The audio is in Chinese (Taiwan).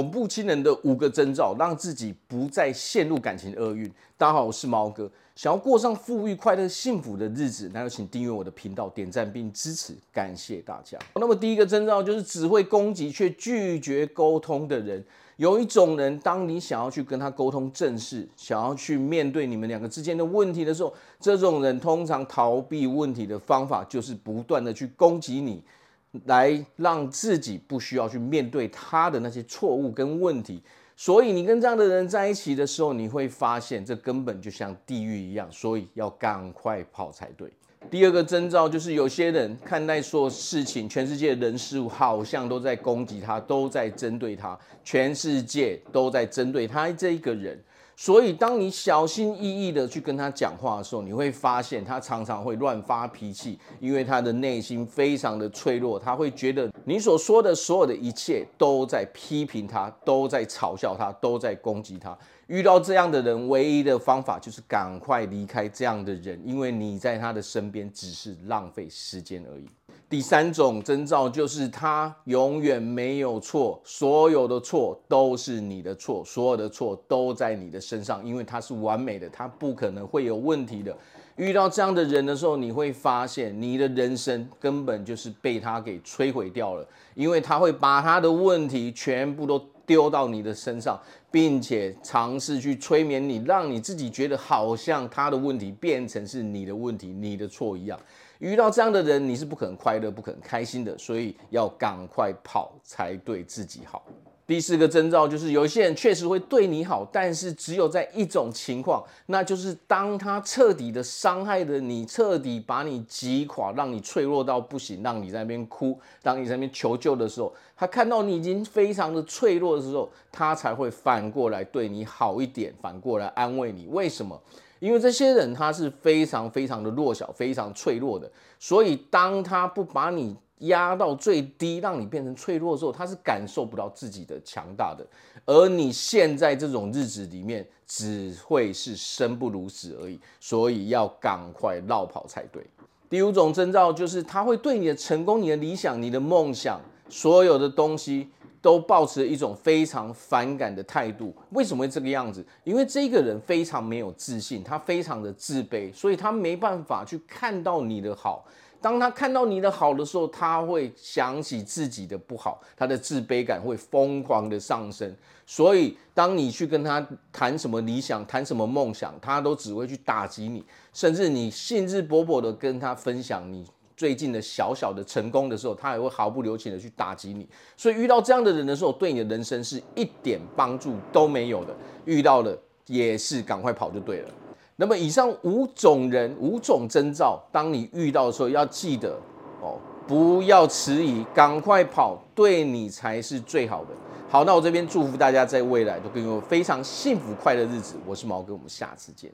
恐怖情人的五個徵兆，讓自己不再陷入感情厄運。大家好，我是毛哥。想要過上富裕、快樂、幸福的日子，那就請訂閱我的頻道、點讚並支持。感謝大家。那麼第一個徵兆就是只會攻擊卻拒絕溝通的人。有一種人，當你想要去跟他溝通正事，想要去面對你們兩個之間的問題的時候，這種人通常逃避問題的方法就是不斷的去攻擊你。來讓自己不需要去面對他的那些錯誤跟問題，所以你跟這樣的人在一起的時候，你會發現這根本就像地獄一樣，所以要趕快跑才對。第二個徵兆就是，有些人看待所有事情，全世界的人事物好像都在攻擊他，都在針對他，全世界都在針對他這一個人。所以，當你小心翼翼的去跟他講話的時候，你會發現他常常會亂發脾氣，因為他的內心非常的脆弱，他會覺得你所說的所有的一切都在批評他，都在嘲笑他，都在攻擊他。遇到這樣的人，唯一的方法就是趕快離開這樣的人，因為你在他的身邊只是浪費時間而已。第三種徵兆就是他永遠沒有錯，所有的錯都是你的錯，所有的錯都在你的身上，因為他是完美的，他不可能會有問題的。遇到這樣的人的時候，你會發現你的人生根本就是被他給摧毀掉了，因為他會把他的問題全部都。丟到你的身上，並且嘗試去催眠你，讓你自己覺得好像他的問題變成是你的問題、你的錯一樣。遇到這樣的人，你是不可能快樂、不可能開心的。所以要趕快跑，才對自己好。第四個徵兆就是，有一些人確實會對你好，但是只有在一種情況，那就是當他徹底的傷害了你，徹底把你擊垮，讓你脆弱到不行，讓你在那邊哭，當你在那邊求救的時候，他看到你已經非常的脆弱的時候，他才會反過來對你好一點，反過來安慰你。為什麼？因為這些人他是非常非常的弱小，非常脆弱的，所以當他不把你。壓到最低，讓你變成脆弱的時候，他是感受不到自己的強大的。而你現在這種日子裡面，只會是生不如死而已。所以要趕快落跑才對。第五種徵兆就是，他會對你的成功、你的理想、你的夢想，所有的東西都抱持一種非常反感的態度。為什麼會這個樣子？因為這個人非常沒有自信，他非常的自卑，所以他沒辦法去看到你的好。當他看到你的好的時候，他會想起自己的不好，他的自卑感會瘋狂的上升。所以，當你去跟他談什麼理想、談什麼夢想，他都只會去打擊你。甚至你興致勃勃的跟他分享你最近的小小的成功的時候，他也會毫不留情的去打擊你。所以，遇到這樣的人的時候，對你的人生是一點幫助都沒有的。遇到了也是趕快跑就對了。那麼以上五種人、五種徵兆，當你遇到的時候，要記得哦，不要遲疑，趕快跑，對你才是最好的。好，那我這邊祝福大家在未來都有非常幸福快樂的日子。我是毛哥，我們下次見。